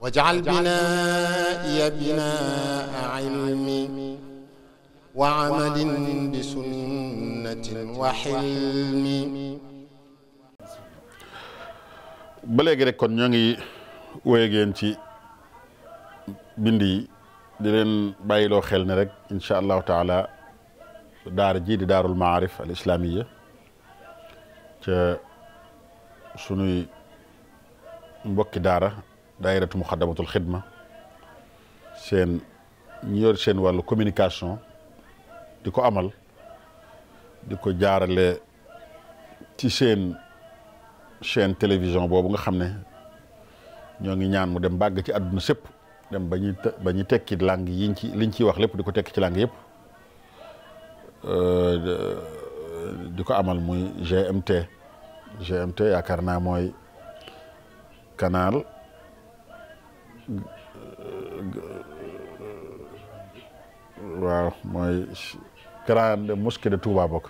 واجعل بنائي بناء علم وعمل بسنة وحلم ba léegi kon ñoo ngi wéy ngeen ci bind yi di leen bayiloo xel ne rek incha allahu taala daara ji di daarul maarif al islamiya ca sunuy mbokki daara daayiratu muxaddamatul xidma seen ñu yor seen wàllu communication di ko amal di ko jaarale ci seen chaîne télévision boobu nga xam ne ñoo ngi ñaan mu dem bàgg ci àdduna sëpp dem ba ñuy ba tekki langue yiñ ci liñ ciy wax lépp di ko tekki ci langue yëpp euh, di ko amal muy GMT GMT yaakaar naa mooy canal waaw mooy grande mosquée de Touba bokk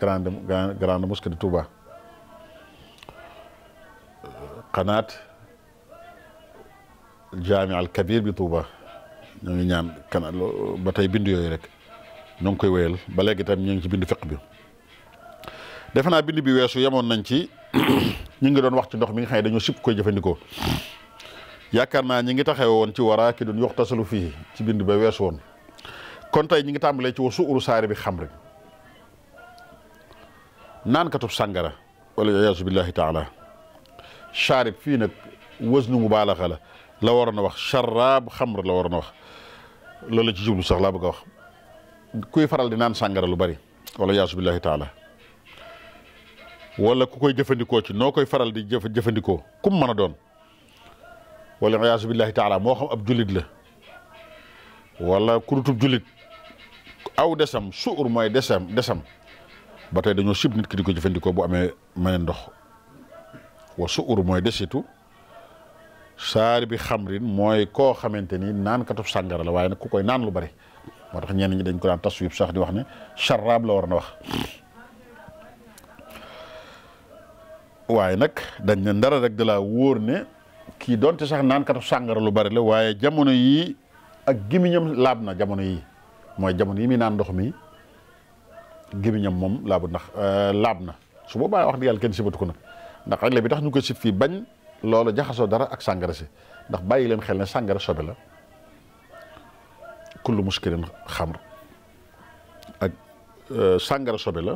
grande grande mosquée de Touba xanaat jaami al kabir bi tuuba ñu ngi ñaan xanaat ba tey bind yooyu rek ñoo ngi koy wéyal ba léegi tam ñu ngi ci bind fiq bi defe naa bind bi weesu yemoon nañ ci ñu ngi doon wax ci ndox mi nga xam ne dañoo sib koy jëfandikoo yaakaar naa ñi ngi taxaw woon ci waraa ki doon yox tasalu fii ci bind ba wees woon kon tey ñi ngi tàmbalee ci wasu uru saari bi xam rek naan katub sàngara wala yaasu billahi taala charib fii nag wës nu mu baalaxa la la waroon a wax charaab xamr la waroon a wax loolu ci jublu sax laa bëgg wax kuy faral di naan sàngara lu bari wala yaasu billahi taala wala ku koy jëfandikoo ci noo koy faral di jëf jëfandikoo kum mën a doon wala iyaasu billahi taala moo xam ab jullit la wala kurutub jullit aw desam suur mooy desam desam ba tey dañoo sib ki di ko jëfandikoo boo amee mëneen ndox wa suur mooy desitu saari bi xamrin mooy koo xamante ni naan katub sàngara la waaye nag ku koy naan lu bari moo tax ñenn ñi dañ ko daan taswib sax di wax ne charab la war na wax waaye nag dañ ne ndara rek da wóor ne kii donte sax naan katu sàngara lu bari la waaye jamono yii ak gémmiñam laab na jamono yii mooy jamono yi muy naan ndox mi gémmiñam moom laabu ndax euh, laab na su boobaa wax dëgg yàlla kenn sibatu ko nag ndax règle bi tax ñu ko sib fii bañ loolu jaxasoo dara ak sàngara si ndax bàyyi leen xel ne sàngara sobe la kullu xam xamr ak euh, sàngara sobe la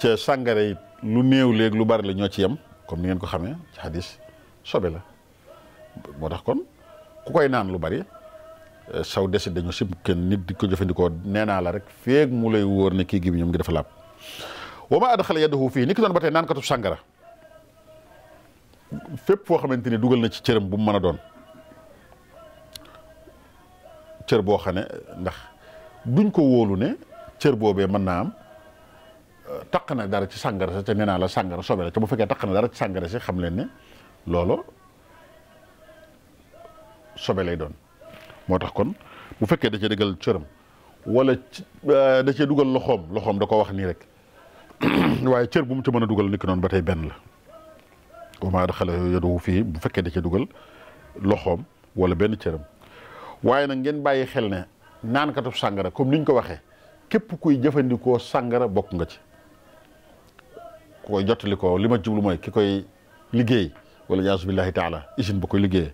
ca sàngara yit lu néew léegi lu bari la ñoo ci yem comme ni ngeen ko xamee ci xadis sobe la moo tax kon ku koy naan lu bari eh, saw desit dañu sib kenn nit di ko jëfandikoo nee naa la rek feeg mu lay wóor ne kii gi ñoom ngi dafa laab wa ma adxala yadahu fii ni ki doon ba tey naan sàngara fépp foo xamante ni dugal na ci cëram bu mu mën a doon cër boo xam ne ndax duñ ko wóolu ne cër boobee mën naa am eh, taq na dara ci sàngara sa te nee la sàngara sobe la te bu fekkee taq na dara ci sàngara si xam leen ne loolo sobe lay doon moo tax kon bu fekkee da cee dëggal cëram wala euh, da cee dugal loxoom loxoom da ko wax nii rek waaye cër bu mu ci mën a dugal niki noonu ba tey benn la wa maa daxala yadahu fii bu fekkee da cee dugal loxoom wala benn cëram waaye nag ngeen bàyyi xel ne naankatu sàngara comme niñ ko waxee képp kuy jëfandikoo sàngara bokk nga ci ku koy jottali li ma jublu mooy ki koy liggéey wala yaasu billahi taala usine ba koy liggéeyee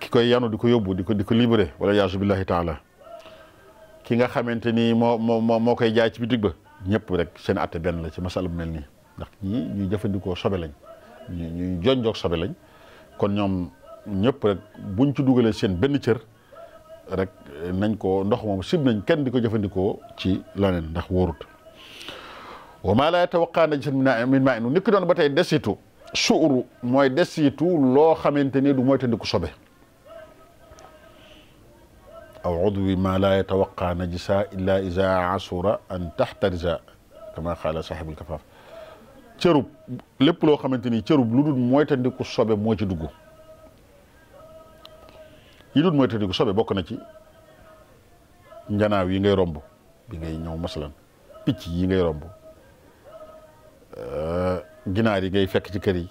ki koy yanu di ko yóbbu di ko di ko libéré wala yaasu billahi taala ki nga xamante ni moo moo moo koy jaay ci bitig ba ñëpp rek seen atte benn la ci masala bu mel ni ndax ñii jëfandikoo sobe lañ ñu ñuy jonjoog sobe lañ kon ñoom ñëpp rek buñ ci dugalee seen benn cër rek nañ ko ndox moom sib nañ kenn di ko jëfandikoo ci laneen ndax wóorut wa maa laa yatawaqaa najasan min maa'in nekk doon ba tey desitu suuru mooy desitu loo xamante ni du moytandiku sobe aw udwi ma la yatawaqa najisa illa isa asura an taxtarisa kama qaala saaxibul kafaaf cërub lépp loo xamante ni cërub lu dul moytandiku sobe moo ci dugg yi dul moytandiku sobe bokk na ci njanaaw yi ngay romb bi ngay ñëw masalan picc yi ngay romb euh, ginaar yi ngay fekk ci kër yi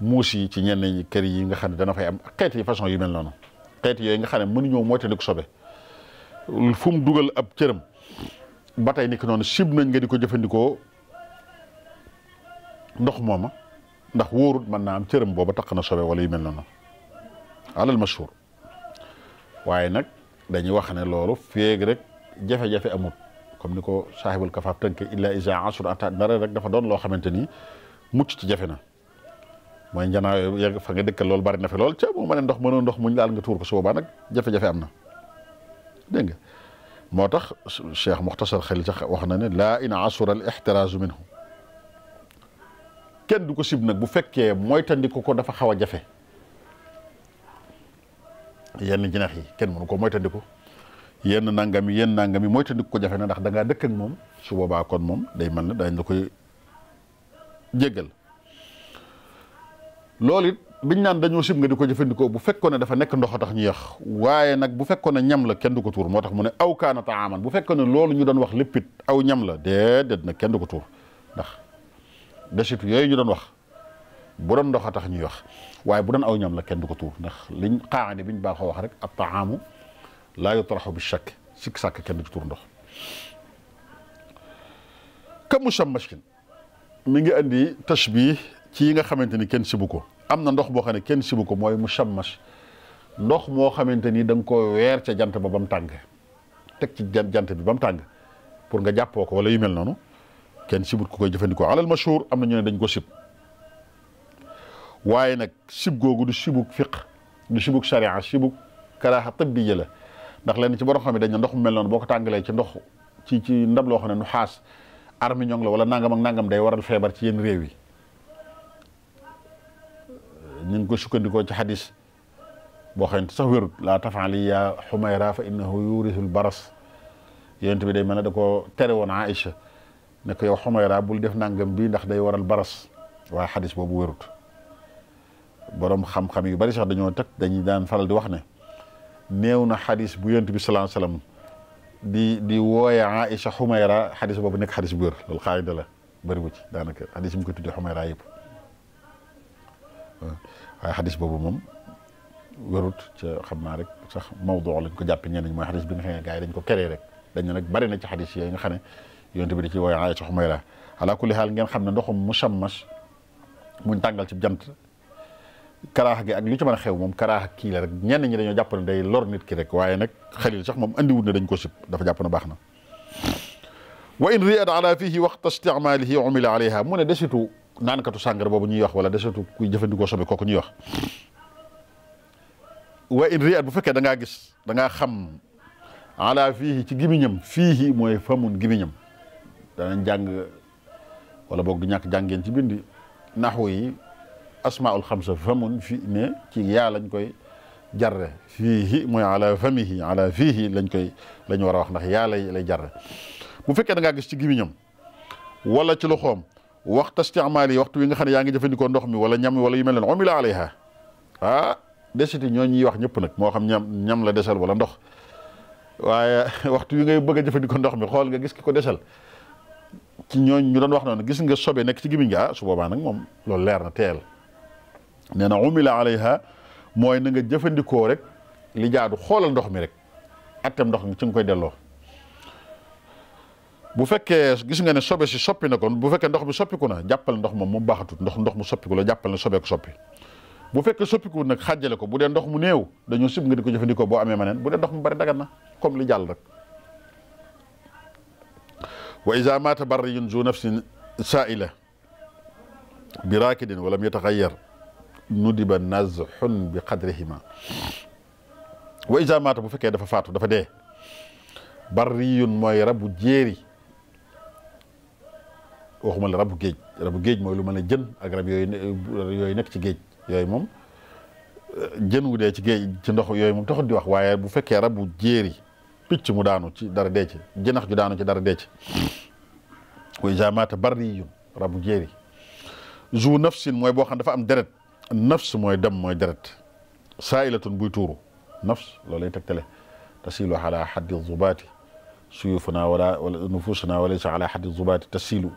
muus yi ci ñenn ñi kër yi nga xam ne dana fay am xeet yi façon yu mel noonu xeet yooyu nga xam ne mënuñoo moytandiku sobe fu mu dugal ab cëram ba tey niki noonu sib nañ nga di ko jëfandikoo ndox mooma ndax wóorut mën naa am cëram boobu taq na sobe wala yu mel noonu alal mashhur waaye nag dañuy wax ne loolu feeg rek jafe-jafe amut. comme ni ko saahibul kafaaf tënke illa isa asur ata dara rek dafa doon loo xamante ni mucc ci jafe na mooy njanaaw yegg fa nga dëkkal loolu bari na lool ca mu ma ne ndox mënoo ndox muñ laal nga tuur ko su boobaa nag am na nga moo tax cheikh muxtasar xali sax wax na ne laa in asura al ixtiraasu minhu ko sib nag bu fekkee moytandiku ko dafa xaw a jafe yenn jinax yi kenn mënu ko moytandiku yenn nangam yi yenn nangam yi mooy moytandiku ko jafe na ndax da ngaa dëkk moom su boobaa kon moom day mën na dañu la koy jéggal loolu it biñ naan dañoo sib nga di ko jëfandikoo bu fekkoon ne dafa nekk ndox tax ñuy yax waaye nag bu fekkoon ne ñam la kenn du ko tuur moo tax mu ne aw kaana taaman bu fekkoon ne loolu ñu doon wax léppit aw ñam la déedéet nag kenn du ko tuur ndax desitu yooyu ñu doon wax bu doon ndox tax ñuy wax waaye bu doon aw ñam la kenn du ko tuur ndax liñ xaarandi biñ baaxoo wax rek ab taamu laa yutraxu bi shakk sikk sàkk kenn ci tur ndox ka mushammashin mi ngi andi tashbih ci yi nga xamante ni kenn sibu ko am na ndox boo xam ne kenn sibu ko mooy mu mushammash ndox moo xamante ni da ko weer ca jant ba ba mu tàng teg ci jant bi ba mu tàng pour nga jàppoo ko wala yu mel noonu kenn sibut ku koy jëfandikoo alal mashhur am na ñu ne dañ ko sib waaye nag sib googu du sibuk fiq du sibuk sharia sibuk karaaxa tabbiya la ndax lenn ci borom xam ne dañ dox ndox mu mel noonu boo ko tàngalee ci ndox ci ci ndab loo xam ne nu xaas armiñong la wala nangam ak nangam day waral feebar ci yenn réew yi ñu ngi ko sukkandikoo ci xadis boo xam ne sax wérut laa tafaali yaa xumayra fa innahu yurisul baras yonent bi day mel ne da ko tere woon Aïcha ne yow xumayra bul def nangam bi ndax day waral baras waaye xadis boobu wérut borom xam-xam yu bari sax dañoo teg dañuy daan faral di wax ne néew na xadis bu yonent bi sallallahu alayhi wasallam di di wooye Aïcha Xumayra xadis boobu nekk xadis bu wér la bëri wu ci daanaka xadis yi mu ko tuddee Xumayra yëpp waaye xadis boobu moom wérut ca xam naa rek sax mawdu lañ ko jàppe ñenn ñi mooy xadis bi nga xam ne gars yi dañ ko keree rek dañ ne nag bëri na ci xadis yooyu nga xam ne yonent bi di ci wooye Aïcha Xumayra ala kulli xaal ngeen xam ne ndoxum musammas muñ tàngal ci jant karaax gi ak lu ci a xew moom karaax kii la rek ñenn ñi dañoo jàpp ne day lor ki rek waaye nag xalil sax moom andiwut ne dañ ko sib dafa jàpp ne baax na wa in riad ala fihi waqta isticmaalihi umila alayha mu ne desitu naankatu sàngara boobu ñuy wax wala desitu kuy jëfandikoo sobe kooku ñuy wax wa in riad bu fekkee da ngaa gis da ngaa xam ala fiihi ci gimiñam fiihi mooy famun gimiñam danañ jàng wala boog du ñàkk jàngeen ci bindi naxu yi asmaul xamsa famun fi ne ci yaa lañ koy jarre fiihi mooy ala famihi fii fiihi lañ koy lañ war a wax ndax yaa lay lay jarre bu fekkee da ngaa gis ci gimiñam wala ci loxoom waxta istimaal yi waxtu wi nga xam ne yaa ngi jëfandikoo ndox mi wala ñam wala yu mel ne umila alayha ah desiti ñoo ñuy wax ñëpp nag moo xam ñam ñam la desel wala ndox waaye waxtu wi ngay bëgg a jëfandikoo ndox mi xool nga gis ki ko desal ci ñooñ ñu doon wax noonu gis nga sobe nekk ci gimiñ nga ah su boobaa nag moom loolu leer na teel nee na umila alayha mooy na nga jëfandikoo rek li jaadu xoolal ndox mi rek attem ndox mi ci nga koy delloo bu fekkee gis nga ne sobe si soppi na kon bu fekkee ndox mi soppiku na jàppal ndox moom mu baaxatut ndox ndox mu soppiku la jàppal ne sobeeku soppi bu fekkee soppiku nag xàjjale ko bu dee ndox mu néew dañoo sib nga di ko jëfandikoo boo amee maneen bu dee ndox mu bari dagan na comme li jàll rek wa iza mata barriyun zu nafsin saila bi raakidin walam yataxayyar nudiba nazxun bi qadrihima wa iza maata bu fekkee dafa faatu dafa dee barriyun mooy rabu jéeri waxuma la rabu géej rabu géej mooy lu mel ne jën ak rab yooyu nekk ci géej yooyu moom jën wu dee ci géej ci ndox yooyu moom taxut di wax waaye bu fekkee rabu jéeri picc mu daanu ci dara dee jënax ju daanu ci dara dee ci wa iza maata rabu jéeri zu nafsin mooy boo xam dafa am deret nafs mooy dem mooy deret saailatun buy tuuru nafs loolay tegtale tasilu ala xaddi zubaati suyufuna wala wala nufusuna walaysa ala xaddi zubaati tasilu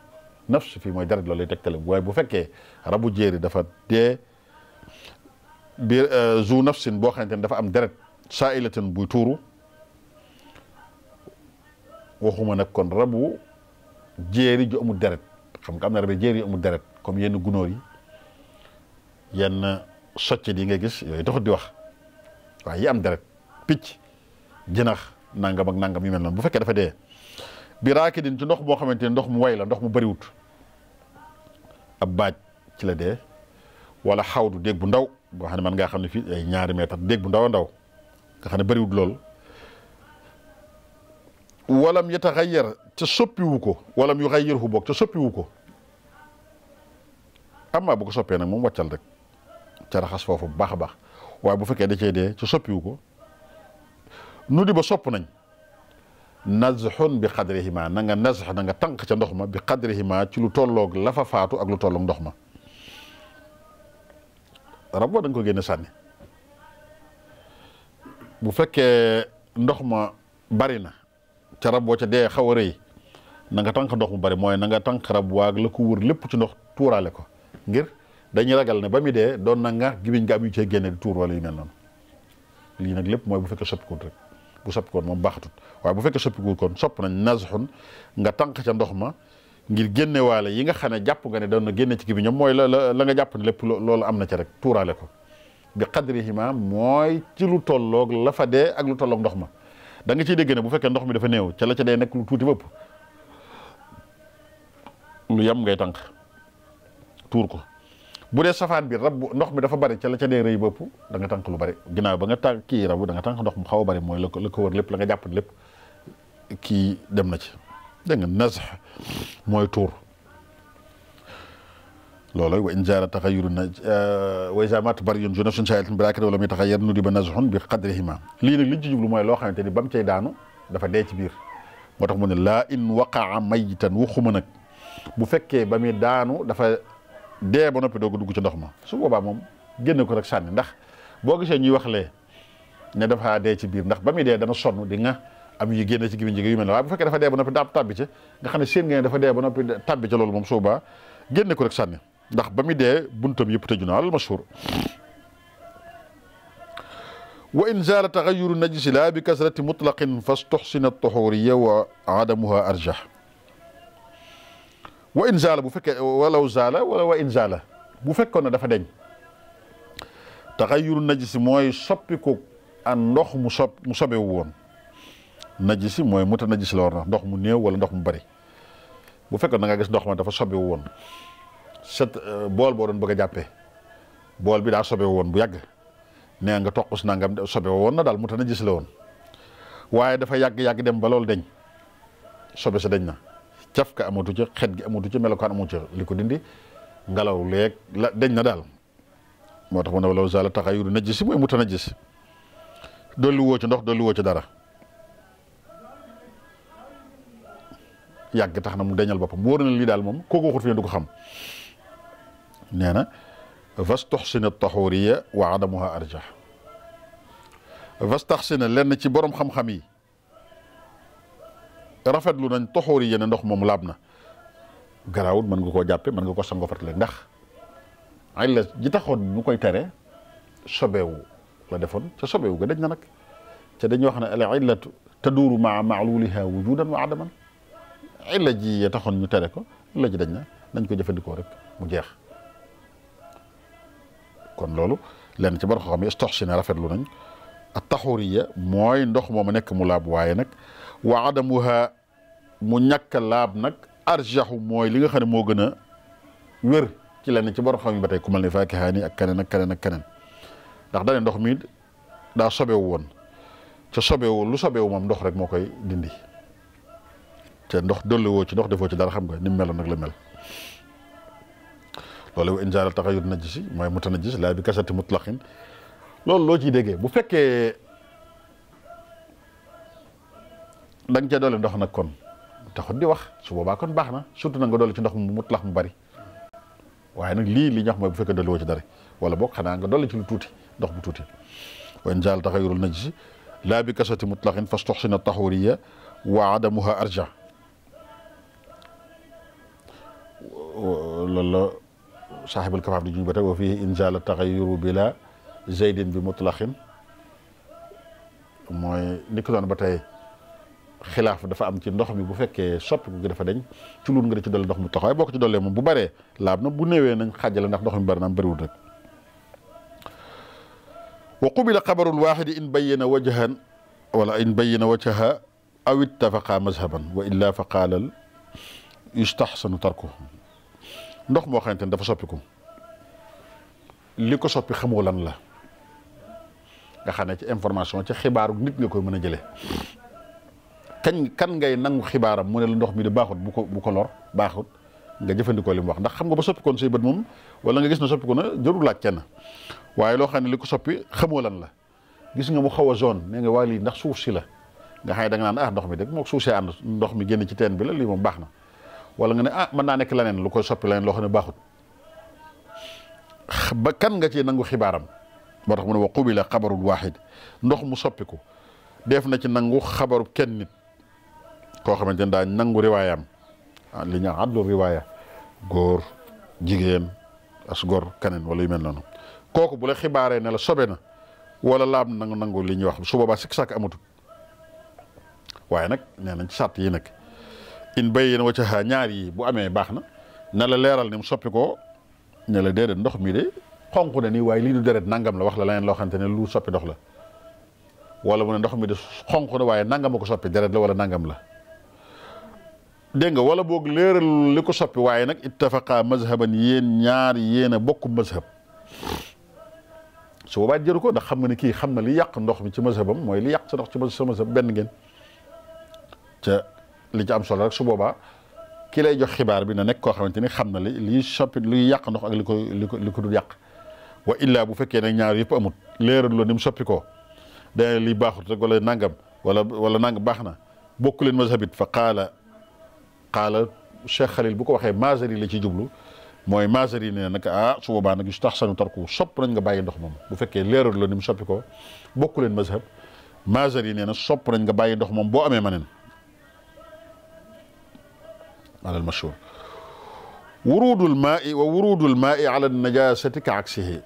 nafs fii mooy deret loolay tegtale waaye bu fekke rabu jéeri dafa dee biir euh, zu nafsin boo xamante ne dafa am deret saailatun buy tuuru waxuma nag kon rabu jéeri ju amul deret xam nga am na rabe jéeri yu comme yenn gunóor yi yenn soccet yi nga gis yooyu taxut di wax waaye am deret picc jinax nangam ak nangam yu mel noonu bu fekkee dafa dee bi raakidin ci ndox moo xamante ni ndox mu way la ndox mu bëriwut ab baaj ci la dee wala xawdu déeg bu ndaw boo xam ne man ngaa xam ne fii ay ñaari meetar déeg bu ndaw a ndaw nga xam ne bëriwut lool walam yataxayyar te soppiwu ko walam yu xayyirhu boog te soppiwu ko am bu ko soppee nag moom wàccal rek ca raxas foofu bu baax a baax waaye bu fekkee da cee dee ca soppiwu ko nu di ba sopp nañ nazxun bi xadrihima na nga nazx na nga tànq ca ndox ma bi xadrihima ci lu tolloog lafa fa faatu ak lu tolloog ndox ma rab wa da nga ko génne sànni bu fekkee ndox ma bari na ca rab wa ca dee xaw a rëy nanga nga tànq ndox mu bari mooy na nga tànq rab waag la ko wër lépp ci ndox tuuraale ko ngir dañuy ragal ne ba mi dee doon na nga gibiñ nga am yu cee génne di tuur wala yu mel noonu lii nag lépp mooy bu fekkee soppikuwut rek bu soppikuwoon moom baaxatut waaye bu fekkee soppikuwut kon sopp nañ nasaxun nga tànq ca ndox ma ngir génne waalo yi nga xam ne jàpp nga ne doon na génne ci gibiñam mooy la la nga jàpp ne lépp loolu am na ca rek tuuraale ko bi qadrihima mooy ci lu tolloog la fa dee ak lu tolloog ndox ma danga nga ciy dégg ne bu fekkee ndox mi dafa néew ca la ca dee nekk lu tuuti bëpp lu yem tuur ko bu dee safaan bi rab ndox mi dafa bari ca la ca dee ba nga tànk kii rabu da nga tànk ndox mu xaw a bari mooy la ko la la nga jàpp lépp kii dem na ci dégg nga nas mooy tuur loolooy wa in jaara taxayurun euh, wa jamat bari yun junafsun shaa'ilatun bilaakin wala muy taxayar nu diba nazhun bi qadrihima lii nag liñ ci jublu mooy loo xamante ni ba mu cay daanu dafa dee ci biir moo tax mu ne laa in waqaa mayitan waxuma nag bu fekkee ba daanu dafa dee ba noppi doo ko dugg ci ndox ma su boobaa moom génn ko rek sànni ndax boo gisee ñuy wax lee ne dafa dee ci biir ndax ba muy dee dana sonn di nga am yu génn ci gémmiñ gi yu mel na waaye bu fekkee dafa dee ba noppi daab tàbbi ca nga xam ne seen ngeen dafa dee ba noppi tàbbi ca loolu moom su génne ko rek sànni ndax ba mi dee buntam yëpp tëju na al mashhur wa in zaala taxayuru najsi la bi kasrati mutlaqin fastuxsina tuxuriya wa adamuha a wa in zaala bu fekkee walaw zaala wala wa in zaala bu fekkoon ne dafa deñ naji si mooy soppiku an ndox mu so mu sobewu woon najisi mooy muta najis la war na ndox mu néew wala ndox mu bari bu fekkoon da nga gis ndox ma dafa sobewu woon set euh, bool boo doon bëgg a jàppee bool bi daa sobewu woon bu yàgg nee nga toqus nangam sobewu woon na daal muta najis la woon waaye dafa yàgg-yàgg dem ba loolu deñ sobe sa deñ na caf ka amatu ca xet gi amatu ca melokaan amu ca li ko dindi ngelaw leeg la na daal moo tax mu ne walaw zaala taxayuru najis mooy mu tanajis dolli woo ca ndox dolli woo ca dara yàgg tax na mu deñal boppam wóor na lii daal moom kooku waxut fi du ko xam nee na vastoxsina taxuriya wa adamuha arjah vastaxsina lenn ci borom xam-xam yi rafetlu nañ toxoori yéene ndox moom laab na garaawut mën nga koo jàppe mën nga ko sango fatale ndax ay la ji taxoon ñu koy tere sobeewu la defoon ca sobeewu ga dañ na nag ca dañuy wax ne al illatu taduuru maa maaluliha wujudan wa adaman illa ji taxoon ñu tere ko illa dañ na nañ ko jëfandikoo rek mu jeex kon loolu lenn ci ba xam-xam yi stox si ne rafetlu nañ a taxuriya mooy ndox mooma nekk mu laab waaye nag wa adamuha mu ñàkk a laab nag arjaxu mooy li nga xam ne moo gën a wér ci lenn ci borom xam ba tey ku mel nii ak keneen ak keneen ak keneen ndax dane ndox mi daa sobewu woon ca sobewu lu sobewu moom ndox rek moo koy dindi te ndox woo ci ndox defoo ci dara xam nga ni mu meloon nag la mel loolu injaara taxayut najisi mooy mutanajis laa bi kasati mutlaqin loolu loo ci déggee bu fekkee da nga doole ndox nag kon taxut di wax su boobaa kon baax na surtout na nga doole ci ndox mu mutlax mu bari waaye nag lii li ñu wax bu fekkee dolli ci dara wala boog xanaa nga dolli lu tuuti ndox bu tuuti wan jaal taxayurul najsi laa bi kasati mutlaxin fastuxsina taxuriya wa adamuha arja loolu la saaxibul kafaaf di juñ ba tey wa fii injaal taxayuru bila zaydin bi mutlaxin mooy ni ko ba tey xilaaf dafa am ci ndox mi bu fekkee soppiku gi dafa deñ ci luun nga di ci dolli ndox mu tax waaye boo ko ci dollee moom bu baree laab na bu newee nañ xàjjale ndax ndox mi bari naam bëriwul rek wa qubila xabarul waaxidi in bayyana wajhan wala in bayyana wajha aw ittafaqa mazhaban wa illa fa qaalal yustahsanu tarkuhu ndox moo xamante ne dafa soppiku li ko soppi xamoo lan la nga xam ne ci information ci xibaaru nit nga koy mën a jëlee kañ kan ngay nangu xibaaram mu ne la ndox mi di baaxut bu ko bu ko lor baaxut nga jëfandikoo li mu wax ndax xam nga ba soppikoon say bët moom wala nga gis na soppiku na jarul laaj kenn waaye loo xam ne li ko soppi xamoo lan la gis nga mu xaw a zone nee nga waa lii ndax suuf si la nga xam ne da nga naan ah ndox mi de moo suuf si ànd ndox mi génn ci teen bi la lii moom baax na wala nga ne ah mën naa nekk leneen lu koy soppi leneen loo xam ne baaxut ba kan nga ci nangu xibaaram moo tax mu ne wa qubila xabarul waaxid ndox mu soppiku def na ci nangu xabaru kenn nit koo xamante ne daa nangu riwaayam ah, li ñu adlu riwaaya góor jigéen as góor kaneen wala mel noonu kooku bu la xibaaree ne la sobe na wala laam nangu nangu li ñuy wax su boobaa sikk sàkk amatul waaye nag nee nañ ci sàtt yi nag in bay na waccaxaa ñaar yi bu amee baax na na la leeral ni mu soppi ko ne la déedéet ndox mi de xonq na nii waaye lii du deret nangam la wax la leneen loo xamante ne lu soppi ndox la wala mu ne ndox mi de xonq na waaye nangam a ko soppi deret la wala nangam la dégg nga wala boog léeral li ko soppi waaye nag ittafaqa mazhaban yéen ñaar yéen a bokk mazhab su boobaa jëru ko ndax xam nga ne kii xam na li yàq ndox mi ci mazhabam mooy li yàq sa ci sa mazhab benn ngeen ca li ci am solo rek su boobaa ki lay jox xibaar bi na nekk koo xamante ni xam na li liy soppi liy yàq ndox ak li ko li ko li ko dul yàq wa illaa bu fekkee ne ñaar yëpp amut léeral loo ni soppi ko dana li baaxut rek wala nangam wala wala nangam baax na bokku leen mazhabit fa qaala xaala Cheikh Khalil bu ko waxee Maazari la ci jublu mooy Maazari ne nag ah su boobaa nag yustahsanu tarku sopp nañ nga bàyyi ndox moom bu fekkee leeral la ni mu soppi ko bokku leen mazhab Maazari nee na sopp nañ nga bàyyi ndox moom boo amee maneen alal mashhur wurudul maai wa wurudul maai ala najasati ka aksihi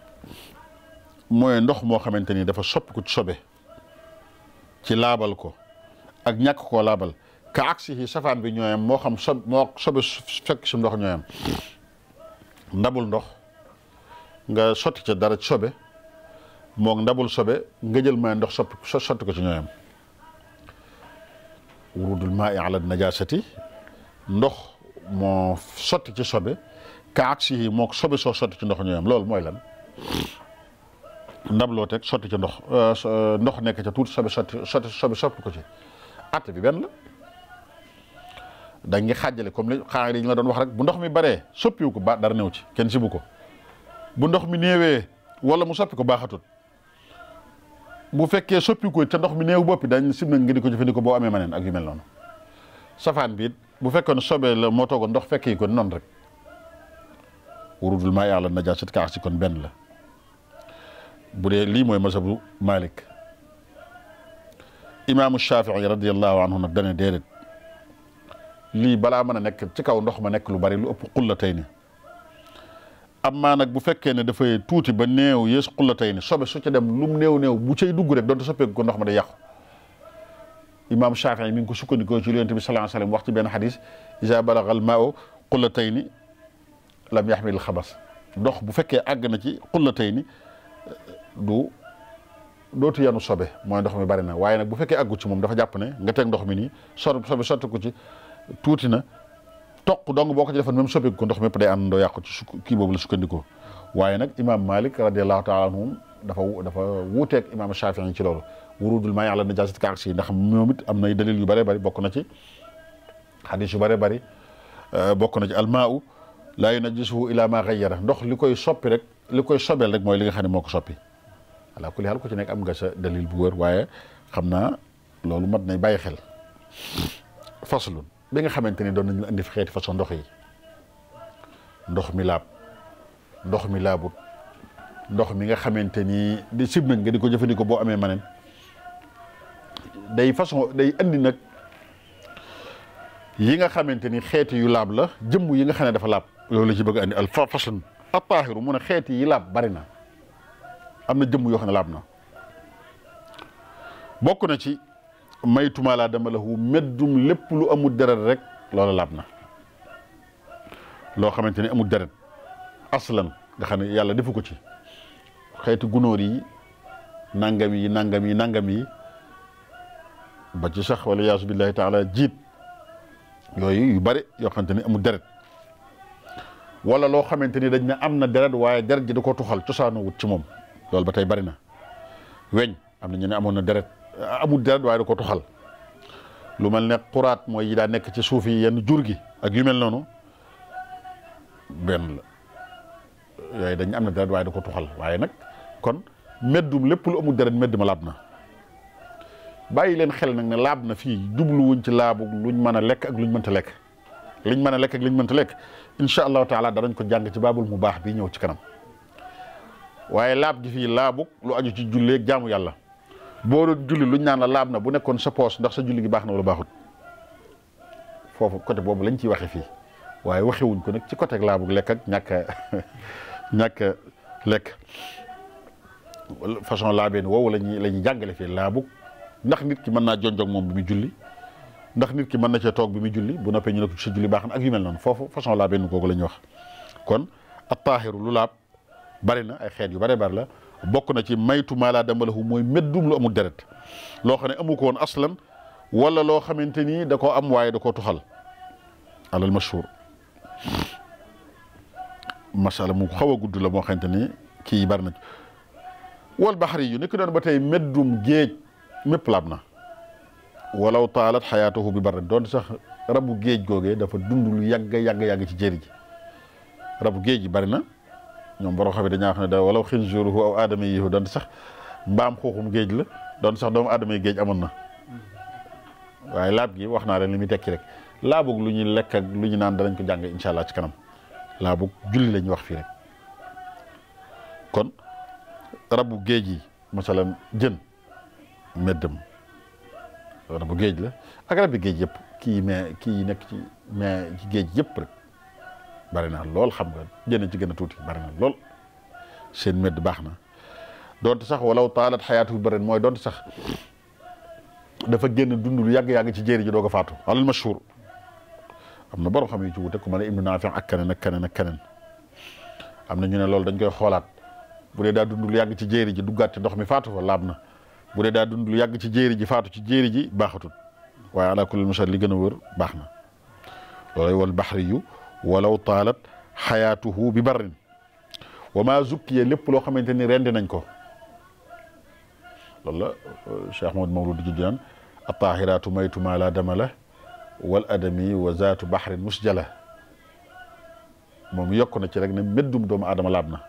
mooy ndox moo xamante ni dafa sopp ku sobe ci laabal ko ak ñàkk koo laabal ka aksi yi safaan bi ñooyam moo xam sob moo sobe fekk si ndox ndox nga sotti ca dara sobe moom ndabul sobe nga jël may ndox soppi sotti ko ci ñooyam wurudul maa i ndox moo ci sobe ka aksi yi moo soo sotti ci ndox ñooyam loolu mooy lan ndab loo teg sotti ci ndox euh, ndox nekk ca tuuti sobe sotti sobe soppi ko ci atte bi benn la da nga xaajale comme li xaar yi la doon wax bu ndox mi baree soppiwu ko ba dara néew ci kenn sibu ko bu ndox mi néewee wala mu soppi ko baaxatul bu fekkee soppi ko te ndox mi néew boppi dañ sib nañ nga di ko jëfandikoo boo amee maneen ak yu mel noonu safaan bi bu fekkee fekkoon sobee la moo toogoon ndox fekkee ko noonu rek wurudul maa yàlla najaasat ka si kon benn la bu dee lii mooy masabu Malik imaamu Shafii radiyallahu anhu nag dane déedéet lii balaa mën a nekk ci kaw ndox ma nekk lu bari lu ëpp xullatayni amma nag bu fekkee ne dafay tuuti ba néew yées xullatayni sobe su ca dem néew néew bu cay dugg rek doonte soppeeku ndox ma day yàqu imaam Shaafi'i mi ngi ko sukkandikoo ci Yonent bi sallallaahu alayhi wa wax ci benn xadis iza balagha al-maa'u xullatayni lam yaxmil xabas ndox bu fekkee àgg na ci xullatayni du dootu yanu sobe mooy ndox mi bari na waaye nag bu fekkee àggu ci moom dafa jàpp ne nga teg ndox mi nii sor sobe sotti ko ci tuuti na toq dong boo ko ci defoon même soppiku ko ndox mépp day ànd doo yàqu ci su kii boobu la sukkandikoo waaye nag imaam Malik radiallahu taala anhu dafa dafa wuuteeg imaam Shafii ci loolu wurudul maa yàlla najaasat ka si ndax moom am nay dalil yu bare bëri bokk na ci xadis yu bëree bëri euh, bokk na ci nag laa yunajjisuhu illa ma xayyara ndox li koy soppi rek li koy sobeel rek mooy li nga xam ne moo ko soppi ala kulli xaal ku ci nekk am nga sa dalil bu wër waaye xam naa loolu mat nay bàyyi xel bi nga xamante ni doon nañu indi xeeti façon ndox yi ndox mi laab ndox mi laabut ndox mi nga xamante ni di sib nga di ko jëfandikoo boo amee maneen day façon day indi nag yi nga xamante ni xeeti yu laab la jëmm yi nga xam ne dafa laab loolu la ci bëgg indi al façon attaahiru mun ne xeeti yi laab bari na am na jëmm yoo xam ne laab na bokk na ci maytuma laa dama lahu meddum lépp lu amul deret rek loola laab na loo xamante ni amul deret aslan nga xam ne yàlla defu ko ci xeeti gunóor yi nangam yi nangam yi nangam yi ba ci sax wala yaasu billahi taala jiit yooyu yu yoo xamante ni amul deret wala loo xamante ni dañ ne am na deret waaye deret ji da ko tuxal cosaanu wut ci moom lool ba tey bëri na weñ am na ñu ne amoon na deret amul deret waaye da ko toxal lu mel ne xuraat mooy yi daa nekk ci suuf yi yenn jur gi ak yu mel noonu benn la dañ am na deret waaye da ko toxal waaye nag kon meddum lépp lu amul deret medd ma laab na bàyyi leen xel nag ne laab na fii jubluwuñ ci laabu luñ mën a lekk ak luñ mënta lekk liñ mën a lekk ak liñ mënta lekk incha allahu taala danañ ko jàng ci baabul mu baax bi ñëw ci kanam waaye laab gi fii laabu lu aju ci julleeg jaamu yàlla boo doon julli luñ naan la laab na bu nekkoon sa poos ndax sa julli gi baax na wala baaxut foofu côté boobu lañ ciy waxe fii waaye waxewuñ ko nag ci côté laabu lekk ak ñàkk a ñàkk a lekk façon laabeen woowu la ñuy jàngale fii laabu ndax nit ki mën naa jonjog moom bi mu julli ndax nit ki mën na cee toog bi mu julli bu noppee ñu ne sa julli baax na ak yu mel noonu foofu façon laabeen googu la ñuy wax kon at taahiru lu laab bari na ay xeet yu bare bari la bokk na ci maytu maalaa dama lahu mooy méddum lu amul deret loo xam ne amu ko woon aslan wala loo xamante ni da koo am waaye da koo toxal alal mashhur masala mu xaw a gudd la moo xamante ni kii bari na wal baxari yu nekk doon ba tey méddum géej mépp laab na walaw taalat xayaatahu bi barren doon sax rabu géej googee dafa dund lu yàgg yàgg ci jëri ji rabu géej gi bari na ñoom borom xam ne dañaa xam ne da walaw xinzuuruhu aw aadama yihu doon sax mbaam xuuxum géej la doon sax doomu aadama yi géej amoon na waaye laab gi wax naa leen li muy tekki rek laabu lu ñu lekk ak lu ñu naan danañ ko jàng incha allah ci kanam laabug julli la ñuy wax fii kon rabu géej yi masalan jën meddam rabu géej la ak rabi géej yëpp kii mais kii nekk ci mais ci géej yëpp rek bari na lool xam nga jëne ci gën a tuuti bari na lool seen medd baax na donte sax walaw taalat xayaatu bi bërin mooy donte sax dafa génn dund lu yàgg-yàgg ci jéeri ji doog a faatu alal mashhur na borom xam yu ci wute ku ma ak keneen keneen ak keneen am na ñu ne loolu dañ koy xoolaat bu dee daa dund yàgg ci jéeri ji duggaat ci ndox mi faatu fa laab na bu dee daa dund lu yàgg ci jéeri ji faatu ci jéeri ji baaxatul waaye ala kulli mashal li gën a wër baax na loolay wal baxri yu walaw taalat xayaatuhu bi barrin wa maa zukkiya lépp loo xamante ni rendi nañ ko loolu la euh, Cheikh Mahmoud Mawlud di naan attaahiraatu maytu maa laa dama la wal adami wa zaatu baxrin musjala moom yokk na ci rek ne meddum doomu aadama laab na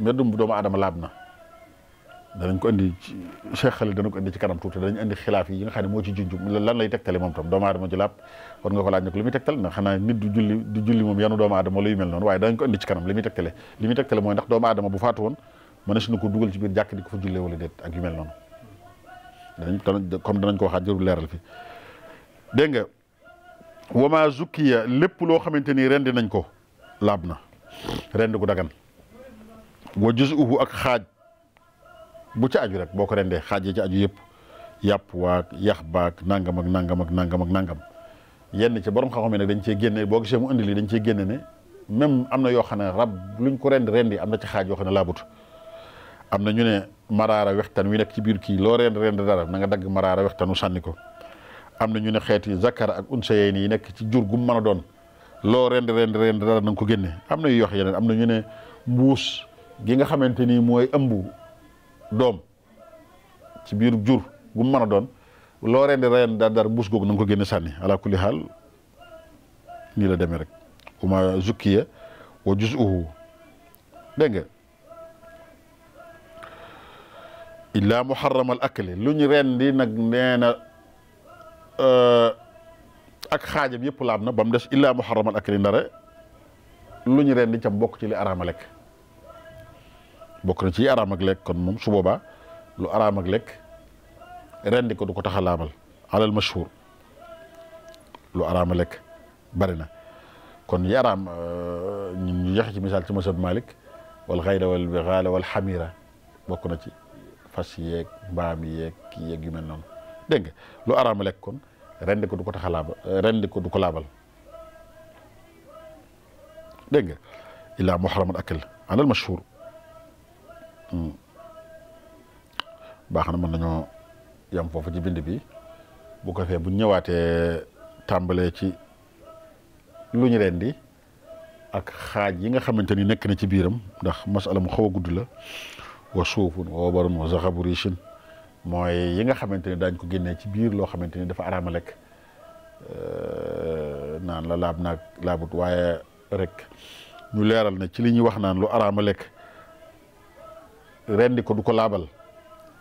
meddum doomu aadama laab na danañ ko indi ci Cheikh Khalil dana ko indi ci kanam tuuti danañ indi xilaaf yi nga xam ne moo ci junj lan lay tegtale moom tam doomu aadama ju laab war nga ko laaj nag lu muy tegtal ndax xanaa nit du julli du julli moom yanu doomu aadama wala yu mel noonu waaye danañ ko indi ci na si ko dugal ci biir di ko fa jullee wala déet ak yu mel noonu danañ comme danañ ko waxaat jërul leeral fi lépp loo xamante ni rendi nañ ko laab na rend gu dagan wa juzuhu ak xaaj bu ci aju rek boo ko rendee xaaj yi ci aju yëpp yàpp waak yax baak nangam ak nangam ak nangam ak nangam yenn ci borom xam-xam yi nag dañ cee génne boo gisee mu indi lii dañ cee génne ne même am na yoo xam ne rab luñ ko rend rendi am na ci xaaj yoo xam ne laabut am na ñu ne maraara wextan wi nekk ci biir kii loo rend rend dara na nga dagg maraara wextanu sànni ko am na ñu ne xeeti zakar ak unsayeen yi nekk ci jur gu doon loo rend rend rend dara na ko génnee am na yu wax yeneen am na ñu ne mbuus gi nga xamante ni mooy ëmb doom ci biir jur gu mu mën a doon loo rendi rendi daar daar mbuus googu na ko génne sànni ala kulli xaal nii la demee rek uma zukkiya wa jus uhu dégg nga illaa muharramal akli lu ñu rendi nag nee na euh, ak xaajam yëpp laab na ba mu des illaa muharramal akli ndare lu ñu rendi ca bokk ci li araama lekk bokk na ci araam ak lekk kon moom su boobaa lu araam ak lekk rendi ko du ko tax a laabal alal mashhur lu araam lekk bari na kon yi araam euh, ñun ñu joxe ci misaal ci masab Malik wal xayra wal xamira bokk na ci fas yeeg mbaam yeeg kii yu mel noonu dégg nga lu araam lekk kon rendi ko du ko tax a laabal rendi ko du ko laabal dégg nga illaa muharamat akil alal mashhur Hmm. baax na mën nañoo yam foofu ci bind bi bu ko fee bu ñëwaatee tàmbalee ci lu ñu leen di ak xaaj yi nga xamante ni nekk na ci biiram ndax masala mu xaw a gudd la wa suufun wa wabarun wa zaxaburishin mooy yi nga xamante ni daañ ko génnee ci biir loo xamante ni dafa araama lekk naan la laab naag laabut waaye rek ñu leeral na ci li ñuy wax naan lu araama lekk rendi ko du ko laabal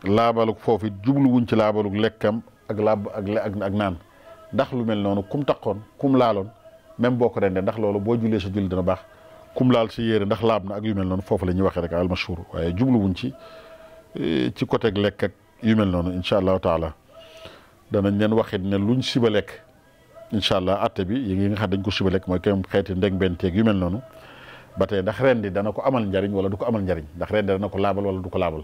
laabalug foofu jublu wuñ ci laabalug lekkam ak laab ak ak naan ndax lu mel noonu kum taqoon kum laaloon même boo ko rendee ndax loolu boo jullee sa julli dana baax kum laal si yére ndax laab na ak yumel mel noonu foofu la ñuy waxee rek almashhur waaye jublu wuñ ci eh, ci côté lekk ak yu mel noonu incha allahu taala danañ leen waxit ne luñ siba lekk incha allah atte bi yi nga xam dañ ko siba lekk mooy kam xeeti ndeg benteeg yu mel noonu ba tey ndax rendi dana ko amal njariñ wala du ko amal njariñ ndax de dana ko laabal wala du ko laabal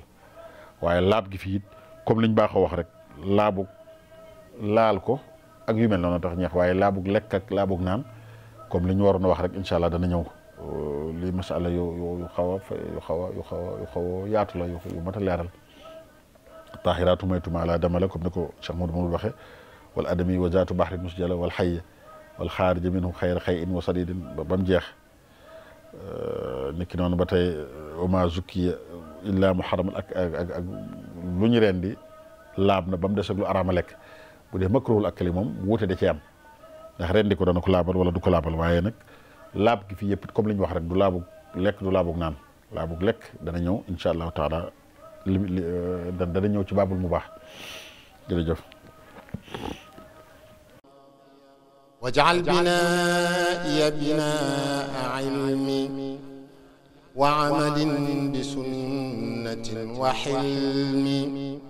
waaye laab gi fii it comme liñ baaxoo wax rek laabu laal ko ak yu mel noonu tax ñeex waaye laabug lekk ak laabug naan comme li ñu waroon a wax rek incha allah dana ñëw euh, lii masala yu yu xaw a yu xaw a yu xaw a yu xaw a yaatu la yu mat a leeral laa dama la ni ko Cheikh Modou Mamour waxee wal adami wa zaatu bahrin musjala wal xayya wal xaarija minhu xayra xay in wa sadidin ba mu jeex Euh, niki noonu ba tey euh, oma zukki euh, illaa mu xaramal ak ak ak lu ñu reen di laab na bam mu des ak araama lekk bu dee makruhul akli moom wuute da ci am ndax ren di ko dana ko laabal wala du ko laabal waaye nag laab ki fi yëpp comme li ñu wax rek du laabu lekk du laabu naan laabu lekk dana ñëw incha allahu taala li dana ñëw ci baabul mu baax واجعل بنائي بناء علم وعمل بسنة وحلم